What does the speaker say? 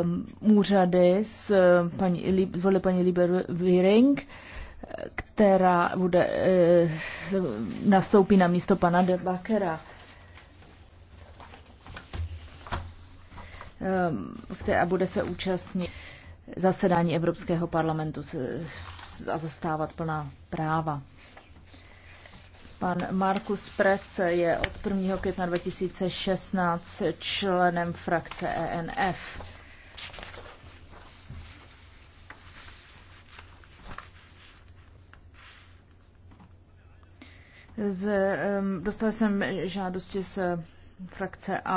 um, úřady s eh, paní, zvolili paní Liber Wiering, která bude, uh, nastoupí na místo pana Bakera která um, bude se účastnit zasedání Evropského parlamentu a zastávat plná práva. Pan Markus Prec je od 1. května 2016 členem frakce ENF. Z, um, dostal jsem žádosti z frakce A.